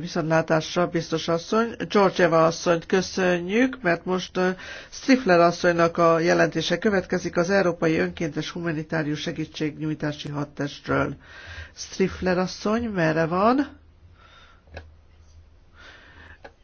viszontlátásra, biztos asszony. Eva asszonyt köszönjük, mert most Stifler asszonynak a jelentése következik az Európai Önkéntes Humanitárius Segítségnyújtási Hadtestről. Stifler asszony, merre van?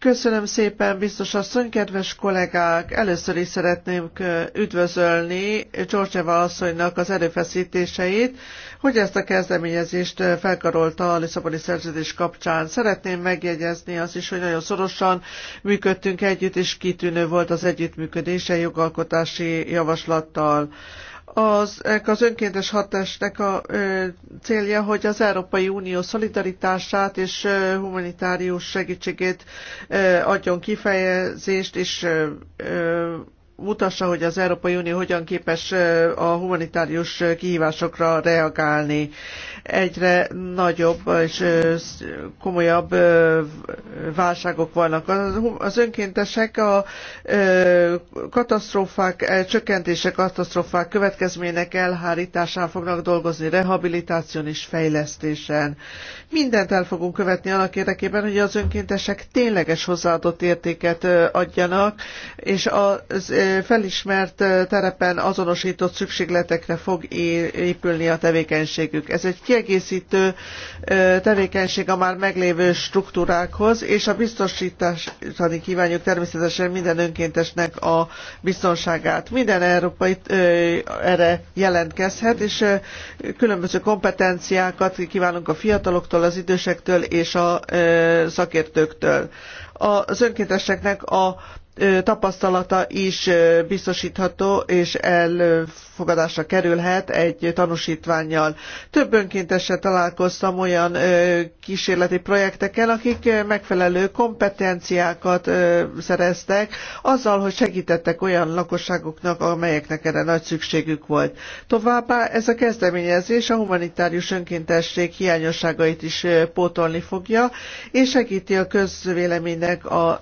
Köszönöm szépen, biztos asszony, kedves kollégák! Először is szeretném üdvözölni Csorcseva asszonynak az erőfeszítéseit, hogy ezt a kezdeményezést felkarolta a Lisszaboni szerződés kapcsán. Szeretném megjegyezni azt is, hogy nagyon szorosan működtünk együtt, és kitűnő volt az együttműködése jogalkotási javaslattal. Az, az önkéntes hatásnak a ö, célja, hogy az Európai Unió szolidaritását és ö, humanitárius segítségét ö, adjon kifejezést, és ö, ö, mutassa, hogy az Európai Unió hogyan képes a humanitárius kihívásokra reagálni. Egyre nagyobb és komolyabb válságok vannak. Az önkéntesek a katasztrófák, csökkentése katasztrófák következmények elhárításán fognak dolgozni, rehabilitáción és fejlesztésen. Mindent el fogunk követni annak érdekében, hogy az önkéntesek tényleges hozzáadott értéket adjanak, és az felismert terepen azonosított szükségletekre fog épülni a tevékenységük. Ez egy kiegészítő tevékenység a már meglévő struktúrákhoz, és a biztosítani kívánjuk természetesen minden önkéntesnek a biztonságát. Minden európai erre jelentkezhet, és különböző kompetenciákat kívánunk a fiataloktól, az idősektől és a szakértőktől az önkénteseknek a tapasztalata is biztosítható és elfogadásra kerülhet egy tanúsítványjal. Több önkéntessel találkoztam olyan kísérleti projekteken, akik megfelelő kompetenciákat szereztek azzal, hogy segítettek olyan lakosságoknak, amelyeknek erre nagy szükségük volt. Továbbá ez a kezdeményezés a humanitárius önkéntesség hiányosságait is pótolni fogja, és segíti a közvéleménynek a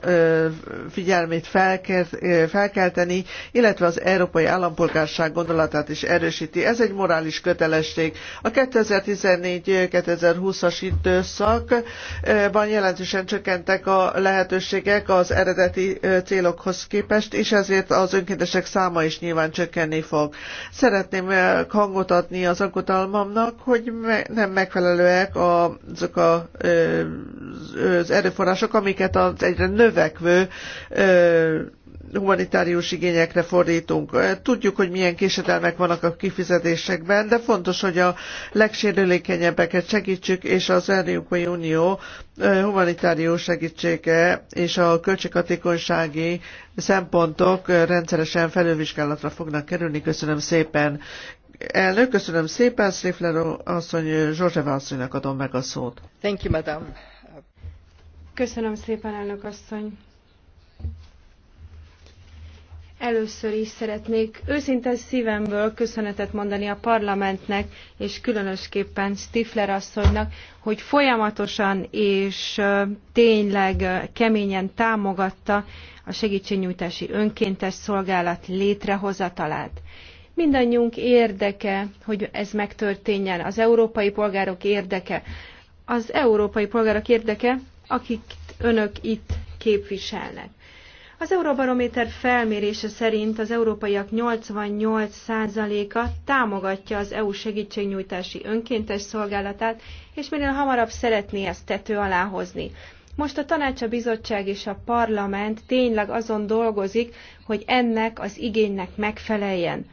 figyelmét mindenkit felkelteni, illetve az európai állampolgárság gondolatát is erősíti. Ez egy morális kötelesség. A 2014-2020-as időszakban jelentősen csökkentek a lehetőségek az eredeti célokhoz képest, és ezért az önkéntesek száma is nyilván csökkenni fog. Szeretném hangot adni az aggodalmamnak, hogy nem megfelelőek azok a az erőforrások, amiket az egyre növekvő humanitárius igényekre fordítunk. Tudjuk, hogy milyen késedelmek vannak a kifizetésekben, de fontos, hogy a legsérülékenyebbeket segítsük, és az Európai Unió humanitárius segítsége és a költséghatékonysági szempontok rendszeresen felülvizsgálatra fognak kerülni. Köszönöm szépen. Elnök, köszönöm szépen. Széfler asszony, Zsozseva asszonynak adom meg a szót. Thank you, madam. Köszönöm szépen, elnök asszony. Először is szeretnék őszinte szívemből köszönetet mondani a parlamentnek, és különösképpen Stifler asszonynak, hogy folyamatosan és tényleg keményen támogatta a segítségnyújtási önkéntes szolgálat létrehozatalát. Mindannyiunk érdeke, hogy ez megtörténjen, az európai polgárok érdeke. Az európai polgárok érdeke, akik önök itt képviselnek. Az Euróbarométer felmérése szerint az európaiak 88%-a támogatja az EU segítségnyújtási önkéntes szolgálatát, és minél hamarabb szeretné ezt tető alá hozni. Most a tanács, a bizottság és a parlament tényleg azon dolgozik, hogy ennek az igénynek megfeleljen.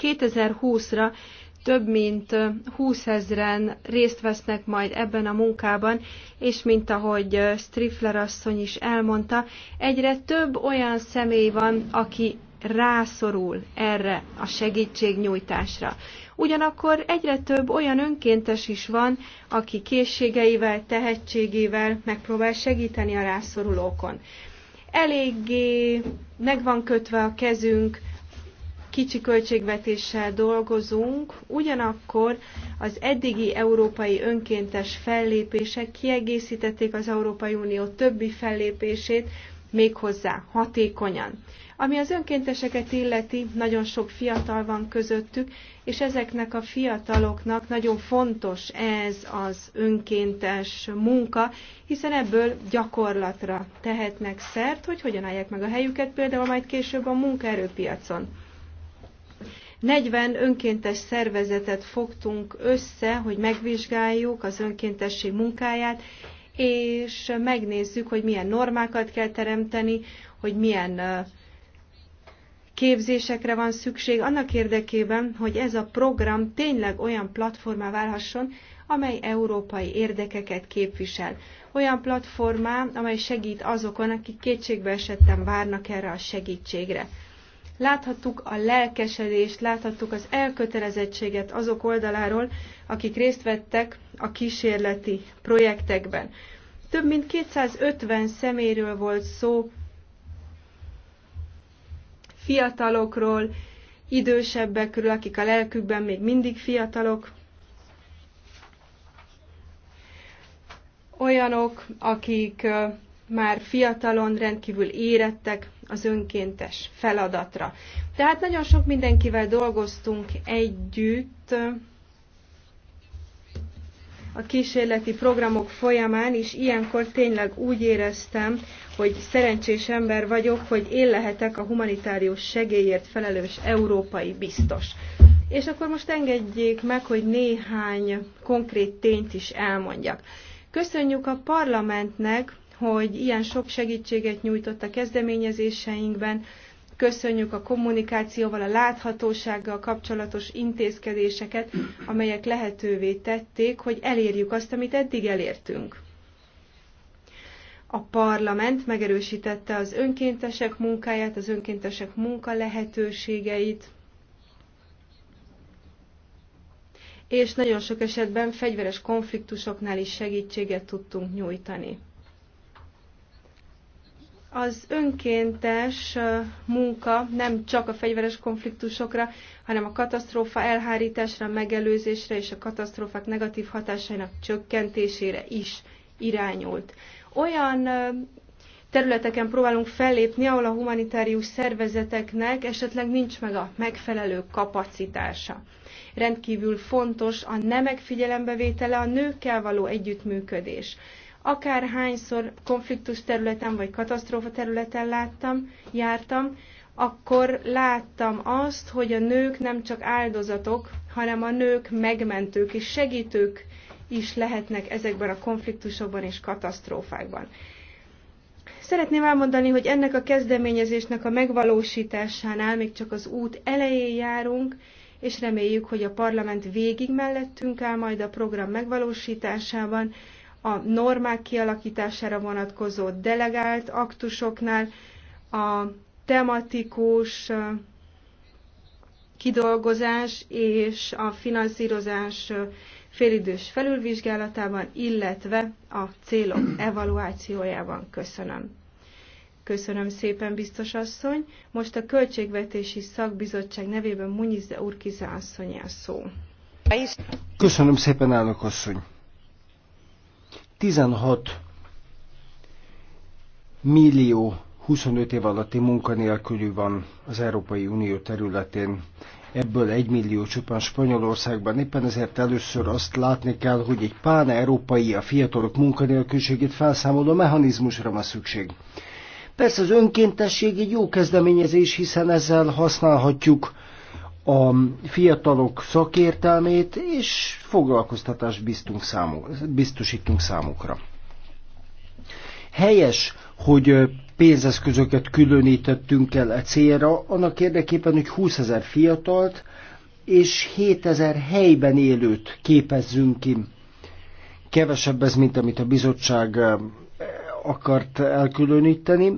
2020-ra több mint 20 ezeren részt vesznek majd ebben a munkában, és mint ahogy Strifler asszony is elmondta, egyre több olyan személy van, aki rászorul erre a segítségnyújtásra. Ugyanakkor egyre több olyan önkéntes is van, aki készségeivel, tehetségével megpróbál segíteni a rászorulókon. Eléggé meg van kötve a kezünk, kicsi költségvetéssel dolgozunk, ugyanakkor az eddigi európai önkéntes fellépések kiegészítették az Európai Unió többi fellépését, méghozzá hatékonyan. Ami az önkénteseket illeti, nagyon sok fiatal van közöttük, és ezeknek a fiataloknak nagyon fontos ez az önkéntes munka, hiszen ebből gyakorlatra tehetnek szert, hogy hogyan állják meg a helyüket például majd később a munkaerőpiacon. 40 önkéntes szervezetet fogtunk össze, hogy megvizsgáljuk az önkéntesség munkáját, és megnézzük, hogy milyen normákat kell teremteni, hogy milyen képzésekre van szükség annak érdekében, hogy ez a program tényleg olyan platformá válhasson, amely európai érdekeket képvisel. Olyan platformá, amely segít azokon, akik kétségbeesetten várnak erre a segítségre. Láthattuk a lelkesedést, láthattuk az elkötelezettséget azok oldaláról, akik részt vettek a kísérleti projektekben. Több mint 250 szeméről volt szó, fiatalokról, idősebbekről, akik a lelkükben még mindig fiatalok, olyanok, akik már fiatalon rendkívül érettek az önkéntes feladatra. Tehát nagyon sok mindenkivel dolgoztunk együtt a kísérleti programok folyamán, és ilyenkor tényleg úgy éreztem, hogy szerencsés ember vagyok, hogy én lehetek a humanitárius segélyért felelős európai biztos. És akkor most engedjék meg, hogy néhány konkrét tényt is elmondjak. Köszönjük a parlamentnek, hogy ilyen sok segítséget nyújtott a kezdeményezéseinkben. Köszönjük a kommunikációval, a láthatósággal kapcsolatos intézkedéseket, amelyek lehetővé tették, hogy elérjük azt, amit eddig elértünk. A parlament megerősítette az önkéntesek munkáját, az önkéntesek munka lehetőségeit, és nagyon sok esetben fegyveres konfliktusoknál is segítséget tudtunk nyújtani az önkéntes munka nem csak a fegyveres konfliktusokra, hanem a katasztrófa elhárításra, megelőzésre és a katasztrófák negatív hatásainak csökkentésére is irányult. Olyan területeken próbálunk fellépni, ahol a humanitárius szervezeteknek esetleg nincs meg a megfelelő kapacitása. Rendkívül fontos a nemek figyelembevétele, a nőkkel való együttműködés akárhányszor konfliktus területen vagy katasztrófa területen láttam, jártam, akkor láttam azt, hogy a nők nem csak áldozatok, hanem a nők megmentők és segítők is lehetnek ezekben a konfliktusokban és katasztrófákban. Szeretném elmondani, hogy ennek a kezdeményezésnek a megvalósításánál még csak az út elején járunk, és reméljük, hogy a parlament végig mellettünk áll majd a program megvalósításában, a normák kialakítására vonatkozó delegált aktusoknál, a tematikus kidolgozás és a finanszírozás félidős felülvizsgálatában, illetve a célok evaluációjában. Köszönöm. Köszönöm szépen, biztos asszony. Most a Költségvetési Szakbizottság nevében Munyize Urkize asszonyi a szó. Köszönöm szépen, elnök asszony. 16 millió 25 év alatti munkanélkülű van az Európai Unió területén, ebből 1 millió csupán Spanyolországban. Éppen ezért először azt látni kell, hogy egy pán-európai a fiatalok munkanélkülségét felszámoló mechanizmusra van szükség. Persze az önkéntesség egy jó kezdeményezés, hiszen ezzel használhatjuk a fiatalok szakértelmét, és foglalkoztatást biztunk biztosítunk számukra. Helyes, hogy pénzeszközöket különítettünk el e célra, annak érdekében, hogy 20 ezer fiatalt és 7 ezer helyben élőt képezzünk ki. Kevesebb ez, mint amit a bizottság akart elkülöníteni,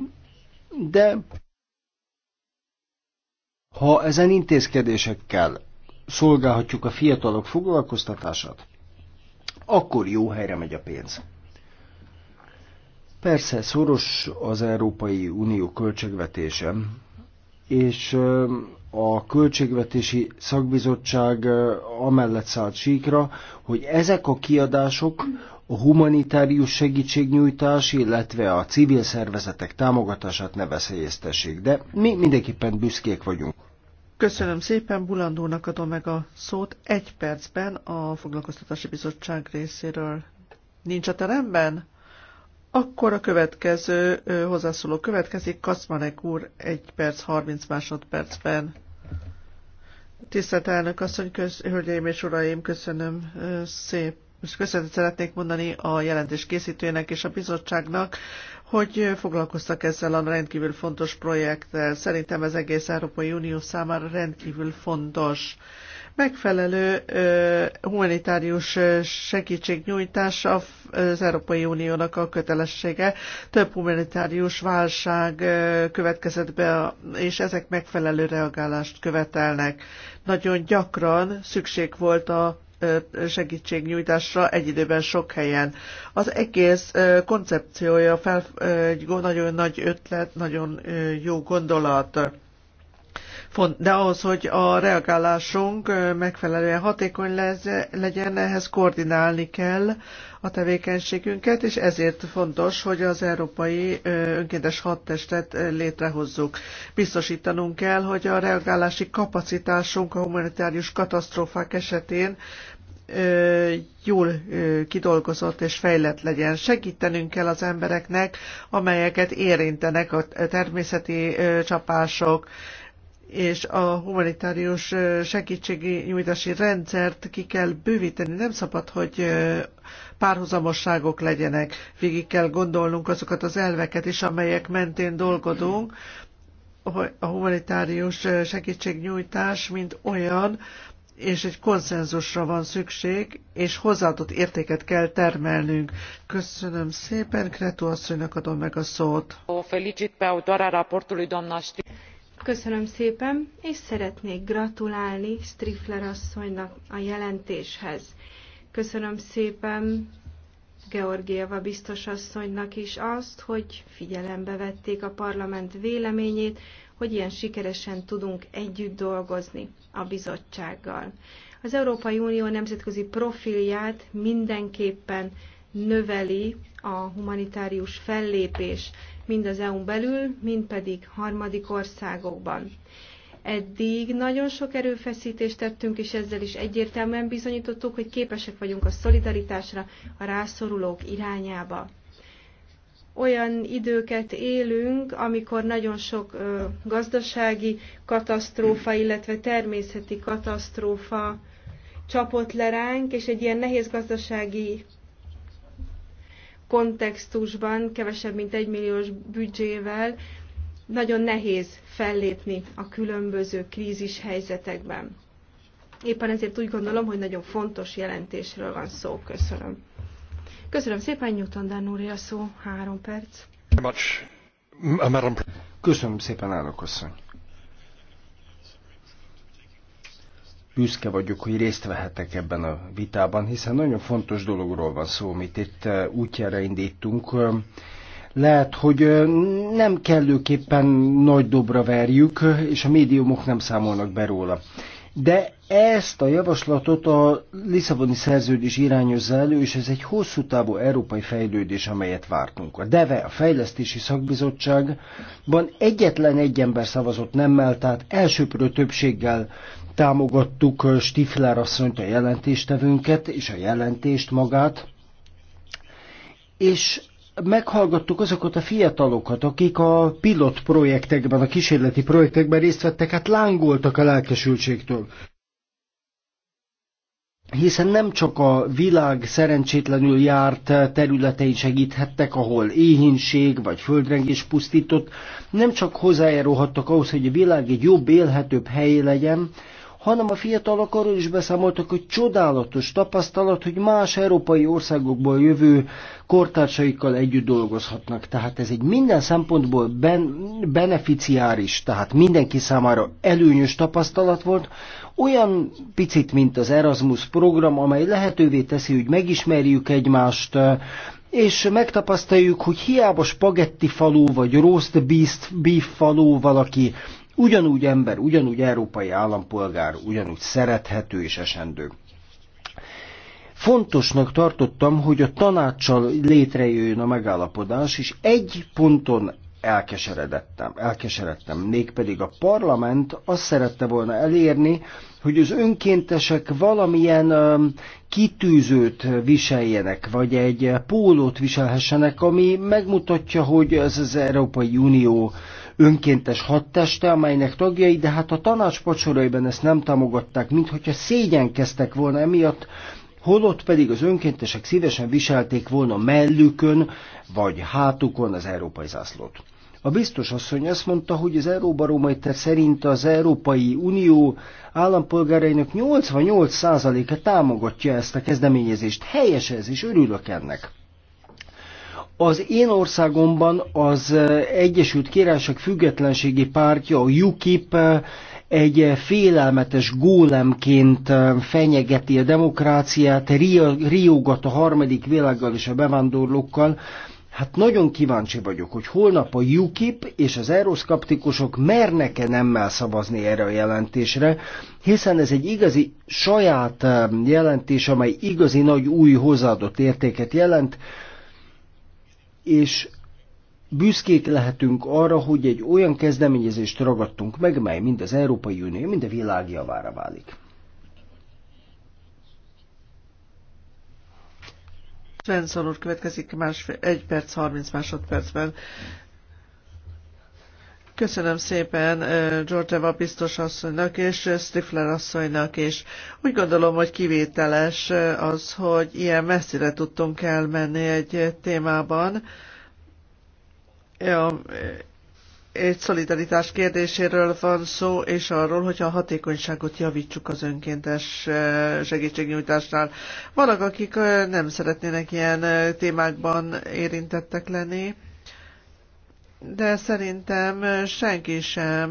de ha ezen intézkedésekkel szolgálhatjuk a fiatalok foglalkoztatását, akkor jó helyre megy a pénz. Persze szoros az Európai Unió költségvetése, és a Költségvetési Szakbizottság amellett szállt síkra, hogy ezek a kiadások a humanitárius segítségnyújtás, illetve a civil szervezetek támogatását ne veszélyeztessék, de mi mindenképpen büszkék vagyunk. Köszönöm szépen, Bulandónak adom meg a szót egy percben a Foglalkoztatási Bizottság részéről. Nincs a teremben? Akkor a következő ö, hozzászóló következik, Kaszmarek úr, egy perc, 30 másodpercben. Tisztelt elnök asszony, köz, hölgyeim és uraim, köszönöm ö, szépen most köszönetet szeretnék mondani a jelentés készítőjének és a bizottságnak, hogy foglalkoztak ezzel a rendkívül fontos projekttel. Szerintem ez egész Európai Unió számára rendkívül fontos. Megfelelő humanitárius segítségnyújtás az Európai Uniónak a kötelessége. Több humanitárius válság következett be, és ezek megfelelő reagálást követelnek. Nagyon gyakran szükség volt a segítségnyújtásra egy időben sok helyen. Az egész koncepciója fel, egy nagyon nagy ötlet, nagyon jó gondolat. De ahhoz, hogy a reagálásunk megfelelően hatékony legyen, ehhez koordinálni kell a tevékenységünket, és ezért fontos, hogy az európai önkéntes hadtestet létrehozzuk. Biztosítanunk kell, hogy a reagálási kapacitásunk a humanitárius katasztrófák esetén jól kidolgozott és fejlett legyen. Segítenünk kell az embereknek, amelyeket érintenek a természeti csapások, és a humanitárius nyújtási rendszert ki kell bővíteni. Nem szabad, hogy párhuzamosságok legyenek. Végig kell gondolnunk azokat az elveket is, amelyek mentén dolgodunk, a humanitárius segítségnyújtás, mint olyan, és egy konszenzusra van szükség, és hozzáadott értéket kell termelnünk. Köszönöm szépen, Kretu asszonynak adom meg a szót. Felicit Köszönöm szépen, és szeretnék gratulálni Strifler asszonynak a jelentéshez. Köszönöm szépen Georgieva biztos asszonynak is azt, hogy figyelembe vették a parlament véleményét, hogy ilyen sikeresen tudunk együtt dolgozni a bizottsággal. Az Európai Unió nemzetközi profilját mindenképpen növeli a humanitárius fellépés, mind az EU-n belül, mind pedig harmadik országokban. Eddig nagyon sok erőfeszítést tettünk, és ezzel is egyértelműen bizonyítottuk, hogy képesek vagyunk a szolidaritásra a rászorulók irányába olyan időket élünk, amikor nagyon sok gazdasági katasztrófa, illetve természeti katasztrófa csapott le ránk, és egy ilyen nehéz gazdasági kontextusban, kevesebb mint egy büdzsével nagyon nehéz fellépni a különböző krízis helyzetekben. Éppen ezért úgy gondolom, hogy nagyon fontos jelentésről van szó. Köszönöm. Köszönöm szépen, Newton Dan úr, a szó, három perc. Köszönöm szépen, állok asszony. büszke vagyok, hogy részt vehetek ebben a vitában, hiszen nagyon fontos dologról van szó, amit itt e, útjára indítunk. Lehet, hogy e, nem kellőképpen nagy dobra verjük, és a médiumok nem számolnak be róla de ezt a javaslatot a Lisszaboni szerződés irányozza elő, és ez egy hosszú távú európai fejlődés, amelyet vártunk. A DEVE, a Fejlesztési Szakbizottságban egyetlen egy ember szavazott nemmel, tehát elsőprő többséggel támogattuk Stifler asszonyt a jelentéstevőnket, és a jelentést magát, és meghallgattuk azokat a fiatalokat, akik a pilot projektekben, a kísérleti projektekben részt vettek, hát lángoltak a lelkesültségtől. Hiszen nem csak a világ szerencsétlenül járt területein segíthettek, ahol éhínség vagy földrengés pusztított, nem csak hozzájárulhattak ahhoz, hogy a világ egy jobb, élhetőbb hely legyen, hanem a fiatalok arról is beszámoltak, hogy csodálatos tapasztalat, hogy más európai országokból jövő kortársaikkal együtt dolgozhatnak. Tehát ez egy minden szempontból ben, beneficiáris, tehát mindenki számára előnyös tapasztalat volt, olyan picit, mint az Erasmus program, amely lehetővé teszi, hogy megismerjük egymást, és megtapasztaljuk, hogy hiába spagetti falu vagy roast beef falu valaki ugyanúgy ember, ugyanúgy európai állampolgár, ugyanúgy szerethető és esendő. Fontosnak tartottam, hogy a tanácssal létrejöjjön a megállapodás, és egy ponton elkeseredettem, elkeseredtem, mégpedig a parlament azt szerette volna elérni, hogy az önkéntesek valamilyen um, kitűzőt viseljenek, vagy egy pólót viselhessenek, ami megmutatja, hogy ez az Európai Unió önkéntes hadteste, amelynek tagjai, de hát a tanács pocsoraiban ezt nem támogatták, minthogyha szégyenkeztek volna emiatt, holott pedig az önkéntesek szívesen viselték volna mellükön vagy hátukon az európai zászlót. A biztos asszony azt mondta, hogy az Euróbarométer szerint az Európai Unió állampolgárainak 88%-a támogatja ezt a kezdeményezést. Helyes ez, és örülök ennek. Az én országomban az Egyesült Királyság függetlenségi pártja, a UKIP egy félelmetes gólemként fenyegeti a demokráciát, riogat a harmadik világgal és a bevándorlókkal, Hát nagyon kíváncsi vagyok, hogy holnap a UKIP és az euroszkaptikusok mernek-e nemmel szavazni erre a jelentésre, hiszen ez egy igazi saját jelentés, amely igazi nagy új hozzáadott értéket jelent, és büszkék lehetünk arra, hogy egy olyan kezdeményezést ragadtunk meg, mely mind az Európai Unió, mind a világ javára válik. Svensson úr következik másfél, 1 perc 30 másodpercben. Köszönöm szépen Georgeva biztos asszonynak és Stifler asszonynak is. Úgy gondolom, hogy kivételes az, hogy ilyen messzire tudtunk elmenni egy témában. Ja, egy szolidaritás kérdéséről van szó, és arról, hogy a hatékonyságot javítsuk az önkéntes segítségnyújtásnál. Vannak, akik nem szeretnének ilyen témákban érintettek lenni de szerintem senki sem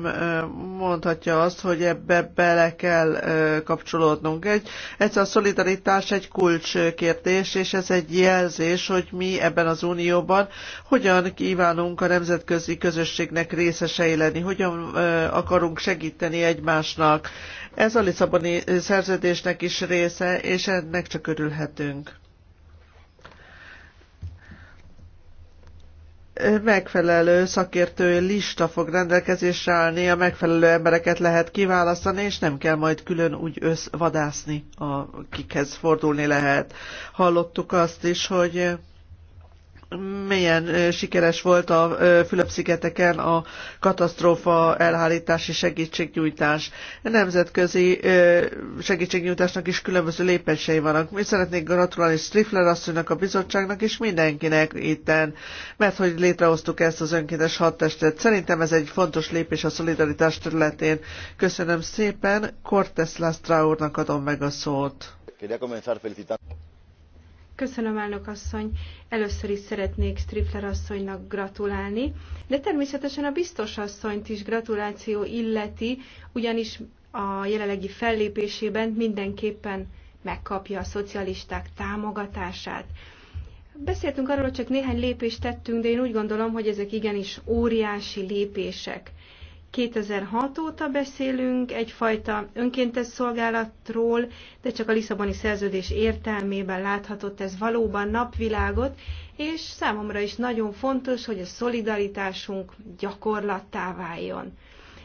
mondhatja azt, hogy ebbe bele kell kapcsolódnunk. Egy, egyszer a szolidaritás egy kulcskérdés, és ez egy jelzés, hogy mi ebben az unióban hogyan kívánunk a nemzetközi közösségnek részesei lenni, hogyan akarunk segíteni egymásnak. Ez a Lisszaboni szerződésnek is része, és ennek csak örülhetünk. megfelelő szakértő lista fog rendelkezésre állni, a megfelelő embereket lehet kiválasztani, és nem kell majd külön úgy összvadászni, akikhez fordulni lehet. Hallottuk azt is, hogy milyen sikeres volt a Fülöp-szigeteken a katasztrófa elhárítási segítségnyújtás. A nemzetközi segítségnyújtásnak is különböző lépései vannak. Mi szeretnék gratulálni Strifler asszonynak, a bizottságnak és mindenkinek itten, mert hogy létrehoztuk ezt az önkéntes hadtestet. Szerintem ez egy fontos lépés a szolidaritás területén. Köszönöm szépen, Cortes Lastra úrnak adom meg a szót. Köszönöm, elnök asszony. Először is szeretnék Strifler asszonynak gratulálni, de természetesen a biztos asszonyt is gratuláció illeti, ugyanis a jelenlegi fellépésében mindenképpen megkapja a szocialisták támogatását. Beszéltünk arról, hogy csak néhány lépést tettünk, de én úgy gondolom, hogy ezek igenis óriási lépések. 2006 óta beszélünk egyfajta önkéntes szolgálatról, de csak a Lisszaboni szerződés értelmében láthatott ez valóban napvilágot, és számomra is nagyon fontos, hogy a szolidaritásunk gyakorlattá váljon.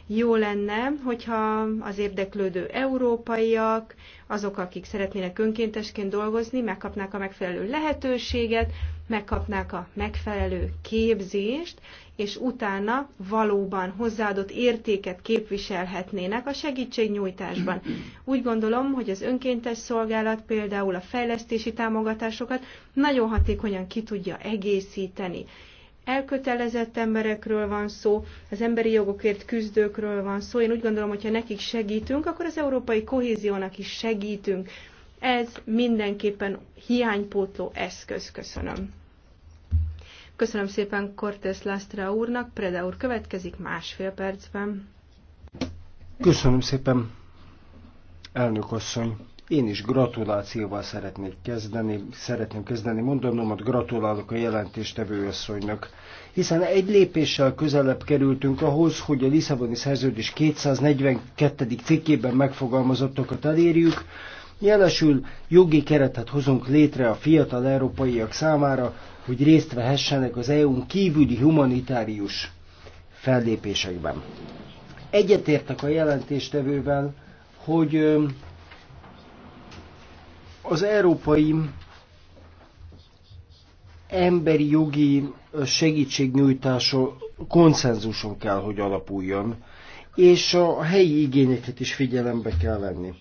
Jó lenne, hogyha az érdeklődő európaiak, azok, akik szeretnének önkéntesként dolgozni, megkapnák a megfelelő lehetőséget, megkapnák a megfelelő képzést, és utána valóban hozzáadott értéket képviselhetnének a segítségnyújtásban. Úgy gondolom, hogy az önkéntes szolgálat például a fejlesztési támogatásokat nagyon hatékonyan ki tudja egészíteni elkötelezett emberekről van szó, az emberi jogokért küzdőkről van szó. Én úgy gondolom, hogy ha nekik segítünk, akkor az európai kohéziónak is segítünk. Ez mindenképpen hiánypótló eszköz. Köszönöm. Köszönöm szépen Cortés Lastra úrnak. Preda úr következik másfél percben. Köszönöm szépen, elnök asszony. Én is gratulációval szeretnék kezdeni, szeretném kezdeni mondanomat, gratulálok a jelentéstevő asszonynak, hiszen egy lépéssel közelebb kerültünk ahhoz, hogy a Lisszaboni szerződés 242. cikkében megfogalmazottakat elérjük, Jelesül jogi keretet hozunk létre a fiatal európaiak számára, hogy részt vehessenek az EU-n kívüli humanitárius fellépésekben. Egyetértek a jelentéstevővel, hogy az európai emberi jogi segítségnyújtásról konszenzuson kell, hogy alapuljon, és a helyi igényeket is figyelembe kell venni.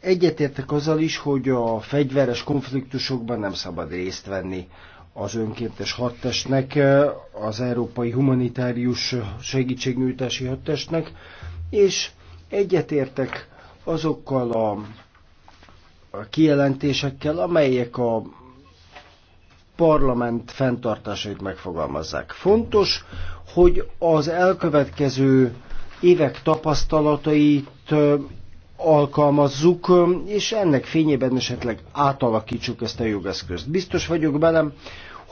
Egyetértek azzal is, hogy a fegyveres konfliktusokban nem szabad részt venni az önkéntes hadtestnek, az európai humanitárius segítségnyújtási hadtestnek, és egyetértek azokkal a kijelentésekkel, amelyek a parlament fenntartásait megfogalmazzák. Fontos, hogy az elkövetkező évek tapasztalatait alkalmazzuk, és ennek fényében esetleg átalakítsuk ezt a jogeszközt. Biztos vagyok belem,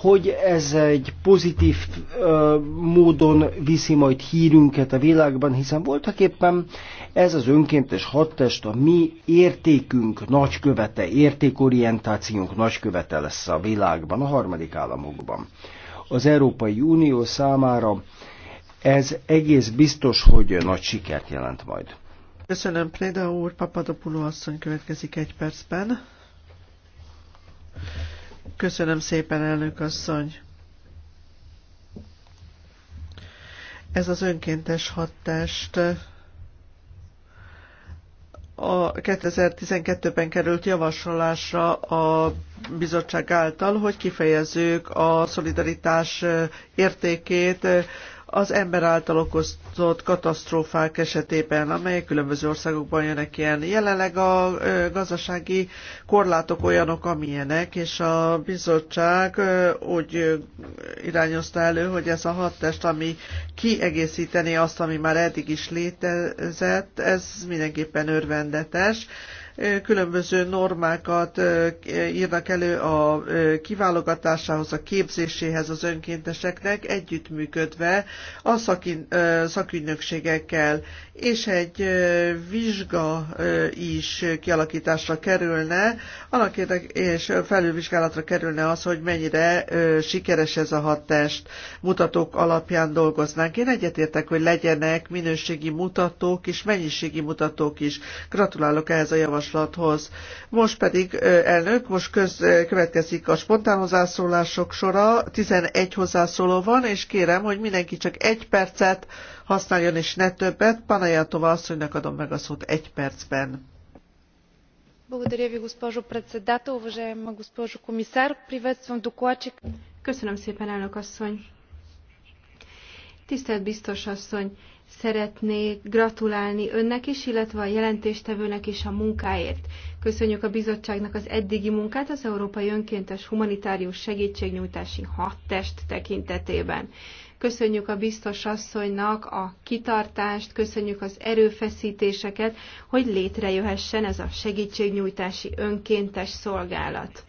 hogy ez egy pozitív ö, módon viszi majd hírünket a világban, hiszen voltak éppen ez az önkéntes hadtest a mi értékünk nagykövete, értékorientációnk nagykövete lesz a világban, a harmadik államokban. Az Európai Unió számára ez egész biztos, hogy nagy sikert jelent majd. Köszönöm, Préda úr, Papadopuló asszony következik egy percben. Köszönöm szépen, elnök asszony. Ez az önkéntes hatást a 2012-ben került javasolásra a bizottság által, hogy kifejezzük a szolidaritás értékét az ember által okozott katasztrófák esetében, amelyek különböző országokban jönnek ilyen. Jelenleg a gazdasági korlátok olyanok, amilyenek, és a bizottság úgy irányozta elő, hogy ez a hat test, ami kiegészíteni azt, ami már eddig is létezett, ez mindenképpen örvendetes különböző normákat írnak elő a kiválogatásához, a képzéséhez az önkénteseknek, együttműködve a szakügynökségekkel, és egy vizsga is kialakításra kerülne, annak és felülvizsgálatra kerülne az, hogy mennyire sikeres ez a hatást, mutatók alapján dolgoznánk. Én egyetértek, hogy legyenek minőségi mutatók és mennyiségi mutatók is. Gratulálok ehhez a javaslathoz javaslathoz. Most pedig, elnök, most köz, következik a spontán hozzászólások sora. 11 hozzászóló van, és kérem, hogy mindenki csak egy percet használjon, és ne többet. Panajátova asszonynak adom meg a szót egy percben. Köszönöm szépen, elnök asszony. Tisztelt biztos asszony, Szeretnék gratulálni önnek is, illetve a jelentéstevőnek is a munkáért. Köszönjük a bizottságnak az eddigi munkát az Európai Önkéntes Humanitárius Segítségnyújtási Hadtest tekintetében. Köszönjük a biztos asszonynak a kitartást, köszönjük az erőfeszítéseket, hogy létrejöhessen ez a segítségnyújtási önkéntes szolgálat.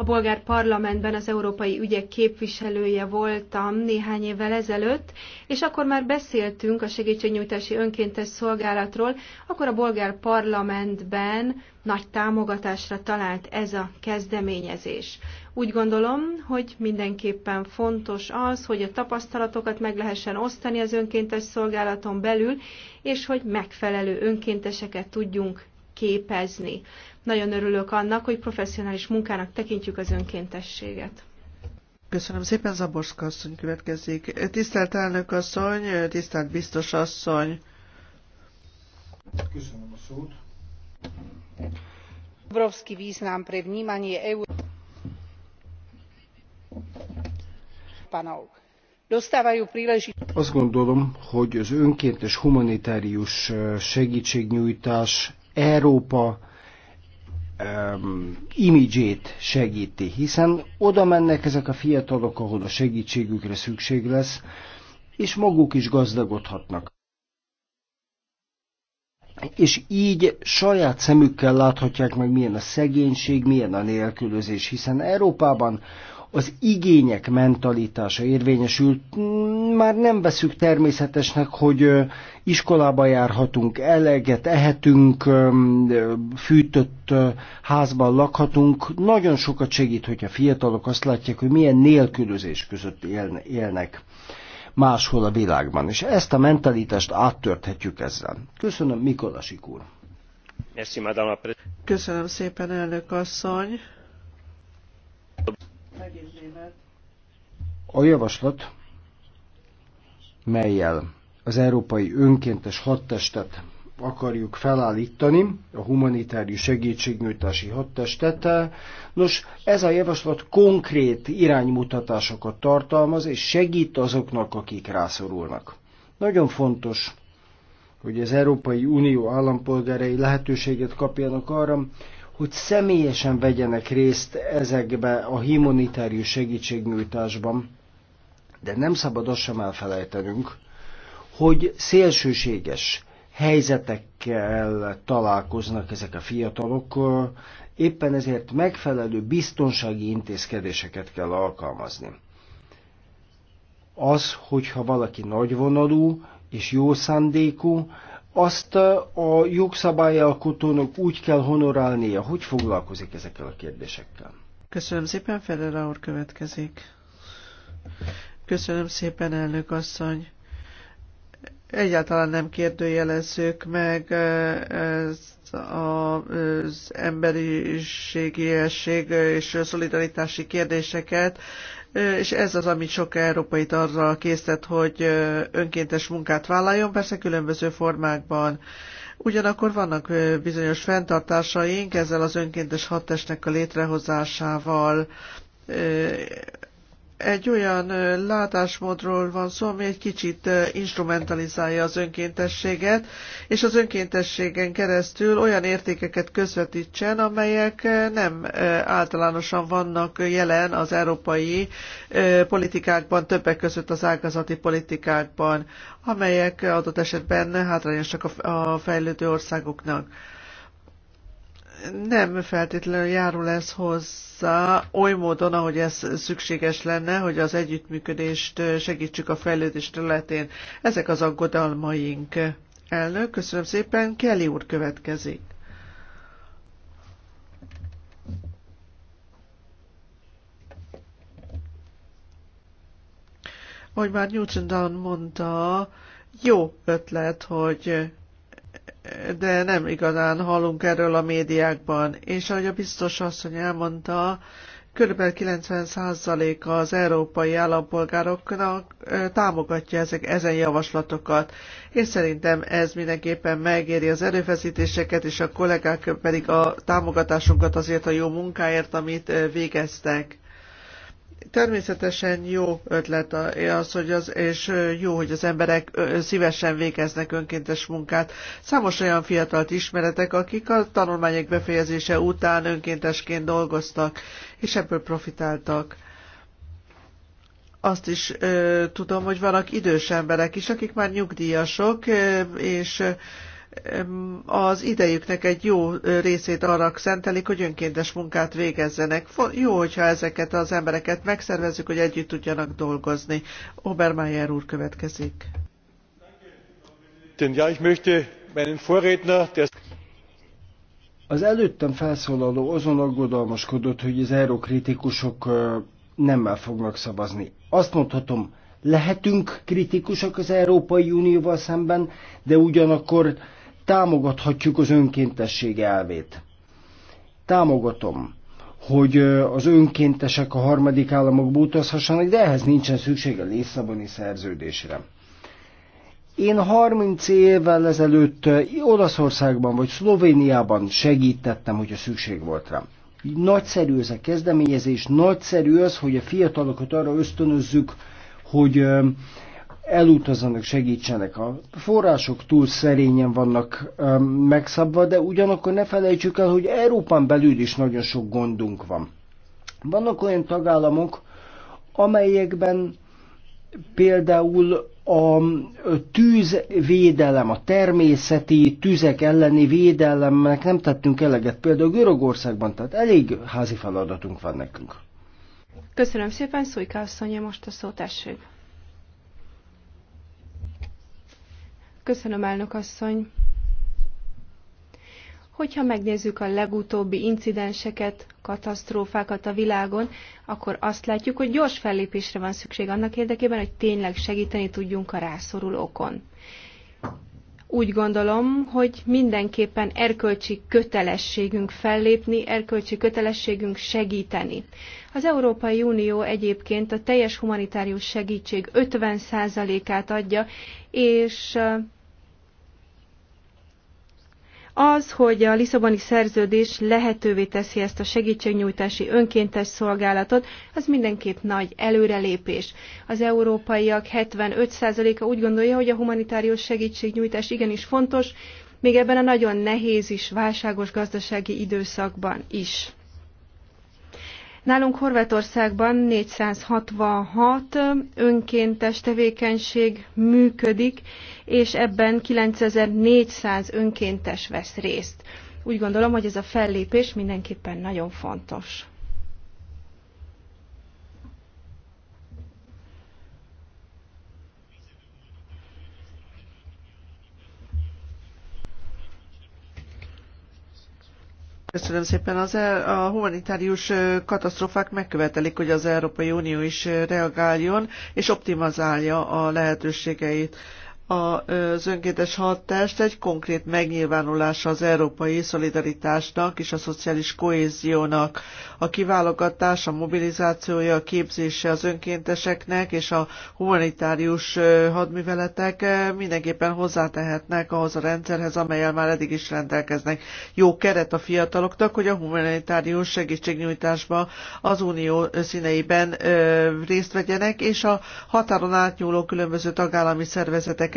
A bolgár parlamentben az európai ügyek képviselője voltam néhány évvel ezelőtt, és akkor már beszéltünk a segítségnyújtási önkéntes szolgálatról, akkor a bolgár parlamentben nagy támogatásra talált ez a kezdeményezés. Úgy gondolom, hogy mindenképpen fontos az, hogy a tapasztalatokat meg lehessen osztani az önkéntes szolgálaton belül, és hogy megfelelő önkénteseket tudjunk képezni. Nagyon örülök annak, hogy professzionális munkának tekintjük az önkéntességet. Köszönöm szépen, Zaborszka asszony következik. Tisztelt elnök asszony, tisztelt biztos asszony. Köszönöm a szót. Obrovský význam pre vnímanie Európanov. Azt gondolom, hogy az önkéntes humanitárius segítségnyújtás Európa um, imidzsét segíti, hiszen oda mennek ezek a fiatalok, ahol a segítségükre szükség lesz, és maguk is gazdagodhatnak. És így saját szemükkel láthatják meg, milyen a szegénység, milyen a nélkülözés, hiszen Európában az igények mentalitása érvényesül. Már nem veszük természetesnek, hogy iskolába járhatunk, eleget ehetünk, fűtött házban lakhatunk. Nagyon sokat segít, hogy a fiatalok azt látják, hogy milyen nélkülözés között élnek máshol a világban. És ezt a mentalitást áttörthetjük ezzel. Köszönöm, Mikolasik úr. Köszönöm szépen, elnök asszony. A javaslat, melyel az európai önkéntes hadtestet akarjuk felállítani, a humanitárius segítségnyújtási hadtestet. Nos, ez a javaslat konkrét iránymutatásokat tartalmaz, és segít azoknak, akik rászorulnak. Nagyon fontos, hogy az Európai Unió állampolgárai lehetőséget kapjanak arra, hogy személyesen vegyenek részt ezekbe a humanitárius segítségnyújtásban, de nem szabad azt sem elfelejtenünk, hogy szélsőséges helyzetekkel találkoznak ezek a fiatalok, éppen ezért megfelelő biztonsági intézkedéseket kell alkalmazni. Az, hogyha valaki nagyvonalú és jó szándékú, azt a jogszabályalkotónak úgy kell honorálnia, hogy foglalkozik ezekkel a kérdésekkel. Köszönöm szépen, Ferrera úr következik. Köszönöm szépen, elnök asszony. Egyáltalán nem kérdőjelezzük meg e, ezt az emberiségi és szolidaritási kérdéseket, és ez az, amit sok európai arra készített, hogy önkéntes munkát vállaljon, persze különböző formákban. Ugyanakkor vannak bizonyos fenntartásaink ezzel az önkéntes hadtestnek a létrehozásával, egy olyan látásmódról van szó, ami egy kicsit instrumentalizálja az önkéntességet, és az önkéntességen keresztül olyan értékeket közvetítsen, amelyek nem általánosan vannak jelen az európai politikákban, többek között az ágazati politikákban, amelyek adott esetben hátrányosak a fejlődő országoknak nem feltétlenül járul ez hozzá oly módon, ahogy ez szükséges lenne, hogy az együttműködést segítsük a fejlődés területén. Ezek az aggodalmaink. Elnök, köszönöm szépen. Kelly úr következik. Ahogy már Newton mondta, jó ötlet, hogy de nem igazán hallunk erről a médiákban. És ahogy a biztos asszony elmondta, kb. 90%-a az európai állampolgároknak támogatja ezek, ezen javaslatokat, és szerintem ez mindenképpen megéri az erőfeszítéseket, és a kollégák pedig a támogatásunkat azért a jó munkáért, amit végeztek. Természetesen jó ötlet az, hogy az, és jó, hogy az emberek szívesen végeznek önkéntes munkát. Számos olyan fiatalt ismeretek, akik a tanulmányok befejezése után önkéntesként dolgoztak, és ebből profitáltak. Azt is ö, tudom, hogy vannak idős emberek is, akik már nyugdíjasok, ö, és az idejüknek egy jó részét arra szentelik, hogy önkéntes munkát végezzenek. Jó, hogyha ezeket az embereket megszervezzük, hogy együtt tudjanak dolgozni. Obermeier úr következik. Az előttem felszólaló azon aggodalmaskodott, hogy az eurokritikusok nemmel fognak szavazni. Azt mondhatom, lehetünk kritikusak az Európai Unióval szemben, de ugyanakkor támogathatjuk az önkéntesség elvét. Támogatom, hogy az önkéntesek a harmadik államokba utazhassanak, de ehhez nincsen szükség a Lisszaboni szerződésre. Én 30 évvel ezelőtt Olaszországban vagy Szlovéniában segítettem, hogyha szükség volt rám. Nagyszerű ez a kezdeményezés, nagyszerű az, hogy a fiatalokat arra ösztönözzük, hogy Elutazanak segítsenek. A források túl szerényen vannak öm, um, megszabva, de ugyanakkor ne felejtsük el, hogy Európán belül is nagyon sok gondunk van. Vannak olyan tagállamok, amelyekben például a tűzvédelem, a természeti tüzek elleni védelemnek nem tettünk eleget, például Görögországban, tehát elég házi feladatunk van nekünk. Köszönöm szépen, Szújka asszonyja, most a szót tessék. Köszönöm, elnök asszony. Hogyha megnézzük a legutóbbi incidenseket, katasztrófákat a világon, akkor azt látjuk, hogy gyors fellépésre van szükség annak érdekében, hogy tényleg segíteni tudjunk a rászorulókon. Úgy gondolom, hogy mindenképpen erkölcsi kötelességünk fellépni, erkölcsi kötelességünk segíteni. Az Európai Unió egyébként a teljes humanitárius segítség 50%-át adja, és az, hogy a Lisszaboni szerződés lehetővé teszi ezt a segítségnyújtási önkéntes szolgálatot, az mindenképp nagy előrelépés. Az európaiak 75%-a úgy gondolja, hogy a humanitárius segítségnyújtás igenis fontos, még ebben a nagyon nehéz és válságos gazdasági időszakban is. Nálunk Horvátországban 466 önkéntes tevékenység működik, és ebben 9400 önkéntes vesz részt. Úgy gondolom, hogy ez a fellépés mindenképpen nagyon fontos. Köszönöm szépen. Az el, a humanitárius katasztrófák megkövetelik, hogy az Európai Unió is reagáljon és optimizálja a lehetőségeit az önkéntes hatást egy konkrét megnyilvánulása az európai szolidaritásnak és a szociális kohéziónak. A kiválogatás, a mobilizációja, a képzése az önkénteseknek és a humanitárius hadműveletek mindenképpen hozzátehetnek ahhoz a rendszerhez, amelyel már eddig is rendelkeznek. Jó keret a fiataloknak, hogy a humanitárius segítségnyújtásba az unió színeiben részt vegyenek, és a határon átnyúló különböző tagállami szervezeteket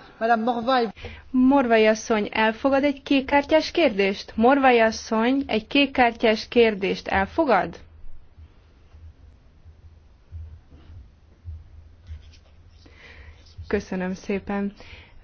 Morvai. Morvai asszony elfogad egy kékkártyás kérdést? Morvai asszony egy kékkártyás kérdést elfogad? Köszönöm szépen.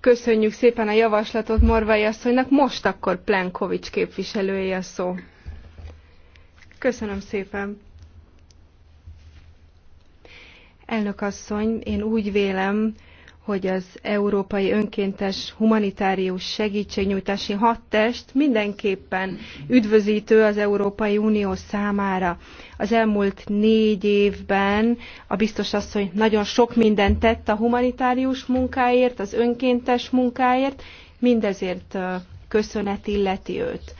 köszönjük szépen a javaslatot morvai asszonynak most akkor plenkovi képviselője a szó. köszönöm szépen. elnök asszony én úgy vélem hogy az Európai Önkéntes Humanitárius Segítségnyújtási Hadtest mindenképpen üdvözítő az Európai Unió számára. Az elmúlt négy évben a biztos asszony nagyon sok mindent tett a humanitárius munkáért, az önkéntes munkáért, mindezért köszönet illeti őt.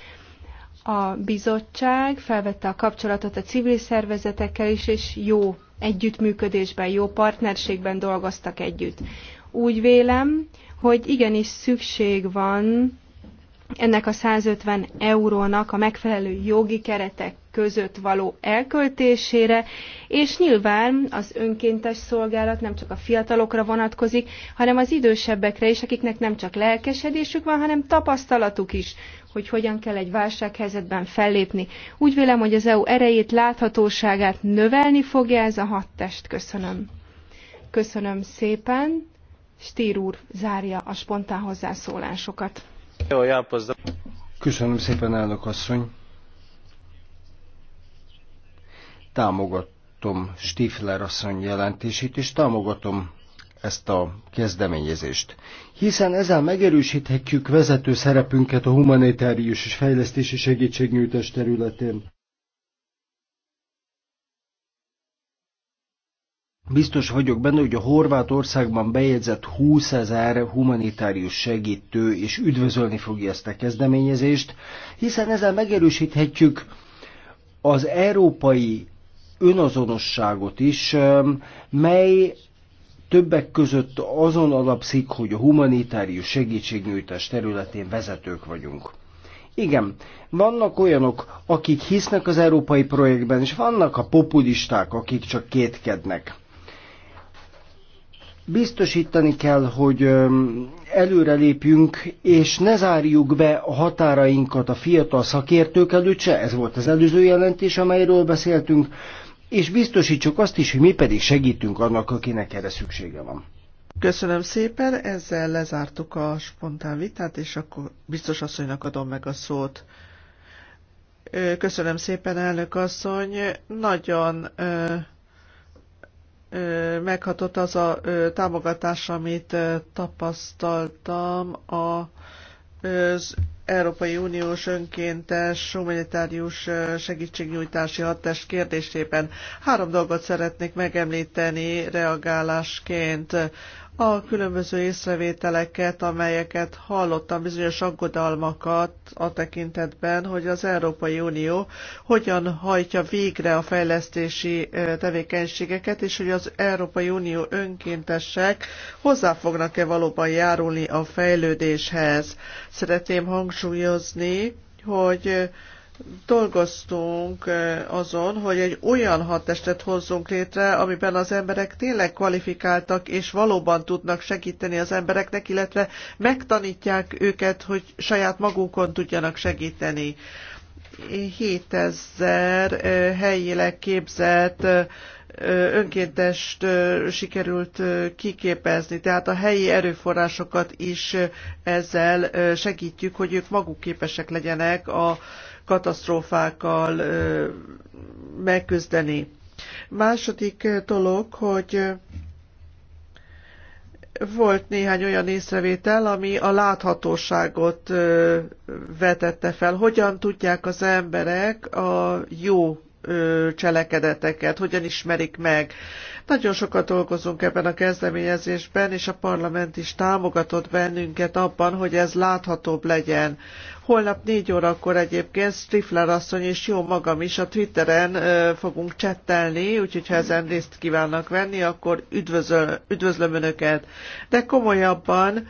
A bizottság felvette a kapcsolatot a civil szervezetekkel is, és jó együttműködésben, jó partnerségben dolgoztak együtt. Úgy vélem, hogy igenis szükség van ennek a 150 eurónak a megfelelő jogi keretek között való elköltésére, és nyilván az önkéntes szolgálat nem csak a fiatalokra vonatkozik, hanem az idősebbekre is, akiknek nem csak lelkesedésük van, hanem tapasztalatuk is, hogy hogyan kell egy válsághelyzetben fellépni. Úgy vélem, hogy az EU erejét, láthatóságát növelni fogja ez a hat test. Köszönöm. Köszönöm szépen. Stír úr zárja a spontán hozzászólásokat. Köszönöm szépen, elnök asszony. Támogatom Stifler asszony jelentését, és támogatom ezt a kezdeményezést. Hiszen ezzel megerősíthetjük vezető szerepünket a humanitárius és fejlesztési segítségnyújtás területén. Biztos vagyok benne, hogy a Horvátországban bejegyzett 20 ezer humanitárius segítő és üdvözölni fogja ezt a kezdeményezést, hiszen ezzel megerősíthetjük az európai önazonosságot is, mely többek között azon alapszik, hogy a humanitárius segítségnyújtás területén vezetők vagyunk. Igen, vannak olyanok, akik hisznek az európai projektben, és vannak a populisták, akik csak kétkednek. Biztosítani kell, hogy előrelépjünk, és ne zárjuk be a határainkat a fiatal szakértők előtt se, ez volt az előző jelentés, amelyről beszéltünk, és biztosítsuk azt is, hogy mi pedig segítünk annak, akinek erre szüksége van. Köszönöm szépen, ezzel lezártuk a spontán vitát, és akkor biztos asszonynak adom meg a szót. Köszönöm szépen, elnök asszony. Nagyon meghatott az a támogatás, amit tapasztaltam az Európai Uniós önkéntes humanitárius segítségnyújtási hatást kérdésében. Három dolgot szeretnék megemlíteni reagálásként a különböző észrevételeket, amelyeket hallottam, bizonyos aggodalmakat a tekintetben, hogy az Európai Unió hogyan hajtja végre a fejlesztési tevékenységeket, és hogy az Európai Unió önkéntesek hozzá fognak-e valóban járulni a fejlődéshez. Szeretném hangsúlyozni, hogy dolgoztunk eh, azon, hogy egy olyan hadtestet hozzunk létre, amiben az emberek tényleg kvalifikáltak, és valóban tudnak segíteni az embereknek, illetve megtanítják őket, hogy saját magukon tudjanak segíteni. 7000 eh, helyileg képzett eh, önkéntest sikerült kiképezni, tehát a helyi erőforrásokat is ezzel segítjük, hogy ők maguk képesek legyenek a katasztrófákkal megküzdeni. Második dolog, hogy volt néhány olyan észrevétel, ami a láthatóságot vetette fel. Hogyan tudják az emberek a jó cselekedeteket, hogyan ismerik meg. Nagyon sokat dolgozunk ebben a kezdeményezésben, és a parlament is támogatott bennünket abban, hogy ez láthatóbb legyen. Holnap négy órakor egyébként Strifler asszony és jó magam is a Twitteren ö, fogunk csettelni, úgyhogy ha ezen részt kívánnak venni, akkor üdvözöl, üdvözlöm Önöket. De komolyabban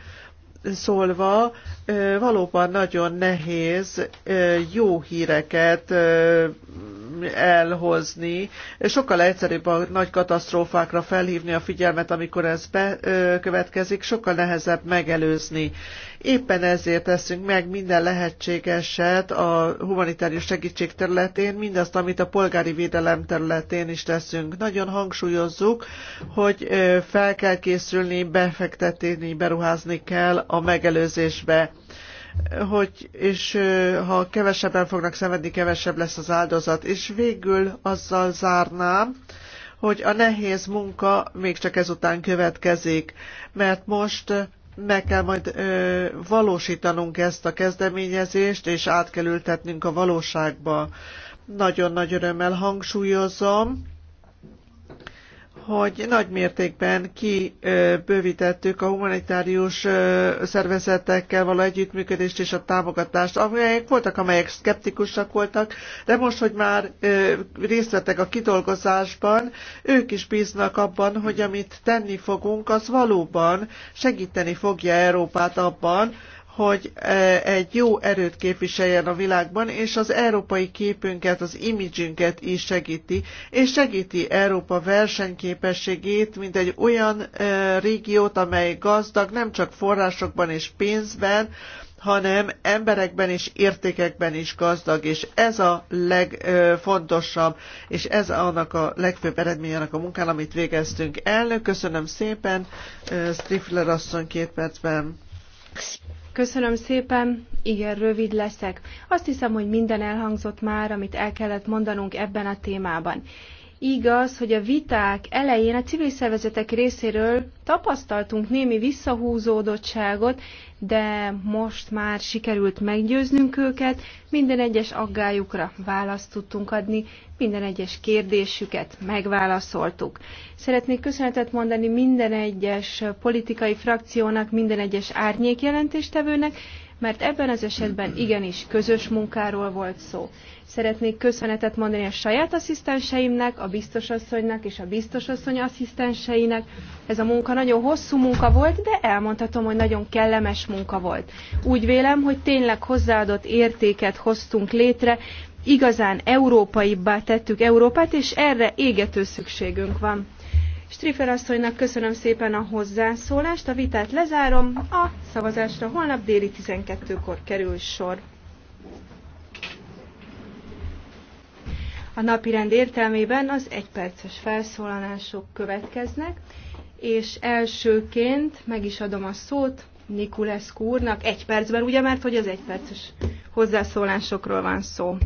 szólva, valóban nagyon nehéz jó híreket elhozni. Sokkal egyszerűbb a nagy katasztrófákra felhívni a figyelmet, amikor ez bekövetkezik, sokkal nehezebb megelőzni. Éppen ezért teszünk meg minden lehetségeset a humanitárius segítség területén, mindazt, amit a polgári védelem területén is teszünk. Nagyon hangsúlyozzuk, hogy fel kell készülni, befektetni, beruházni kell a megelőzésbe hogy és ha kevesebben fognak szenvedni, kevesebb lesz az áldozat. És végül azzal zárnám, hogy a nehéz munka még csak ezután következik, mert most meg kell majd ö, valósítanunk ezt a kezdeményezést, és át kell ültetnünk a valóságba. Nagyon nagy örömmel hangsúlyozom, hogy nagy mértékben kibővítettük a humanitárius szervezetekkel való együttműködést és a támogatást, amelyek voltak, amelyek szkeptikusak voltak, de most, hogy már részt vettek a kidolgozásban, ők is bíznak abban, hogy amit tenni fogunk, az valóban segíteni fogja Európát abban, hogy e, egy jó erőt képviseljen a világban, és az európai képünket, az imidzsünket is segíti, és segíti Európa versenyképességét, mint egy olyan e, régiót, amely gazdag nem csak forrásokban és pénzben, hanem emberekben és értékekben is gazdag, és ez a legfontosabb, és ez annak a legfőbb eredménye annak a munkán, amit végeztünk. Elnök, köszönöm szépen, e, Strifler asszony két percben. Köszönöm szépen, igen, rövid leszek. Azt hiszem, hogy minden elhangzott már, amit el kellett mondanunk ebben a témában. Igaz, hogy a viták elején a civil szervezetek részéről tapasztaltunk némi visszahúzódottságot, de most már sikerült meggyőznünk őket, minden egyes aggájukra választ tudtunk adni, minden egyes kérdésüket megválaszoltuk. Szeretnék köszönetet mondani minden egyes politikai frakciónak, minden egyes árnyékjelentéstevőnek, mert ebben az esetben igenis közös munkáról volt szó. Szeretnék köszönetet mondani a saját asszisztenseimnek, a biztosasszonynak és a biztosasszony asszisztenseinek. Ez a munka nagyon hosszú munka volt, de elmondhatom, hogy nagyon kellemes munka volt. Úgy vélem, hogy tényleg hozzáadott értéket hoztunk létre, igazán európaibbá tettük Európát, és erre égető szükségünk van. Strifer asszonynak köszönöm szépen a hozzászólást, a vitát lezárom, a szavazásra holnap déli 12-kor kerül sor. A napi rend értelmében az egyperces felszólalások következnek, és elsőként meg is adom a szót Nikulescu úrnak egy percben, ugye, mert hogy az egyperces hozzászólásokról van szó.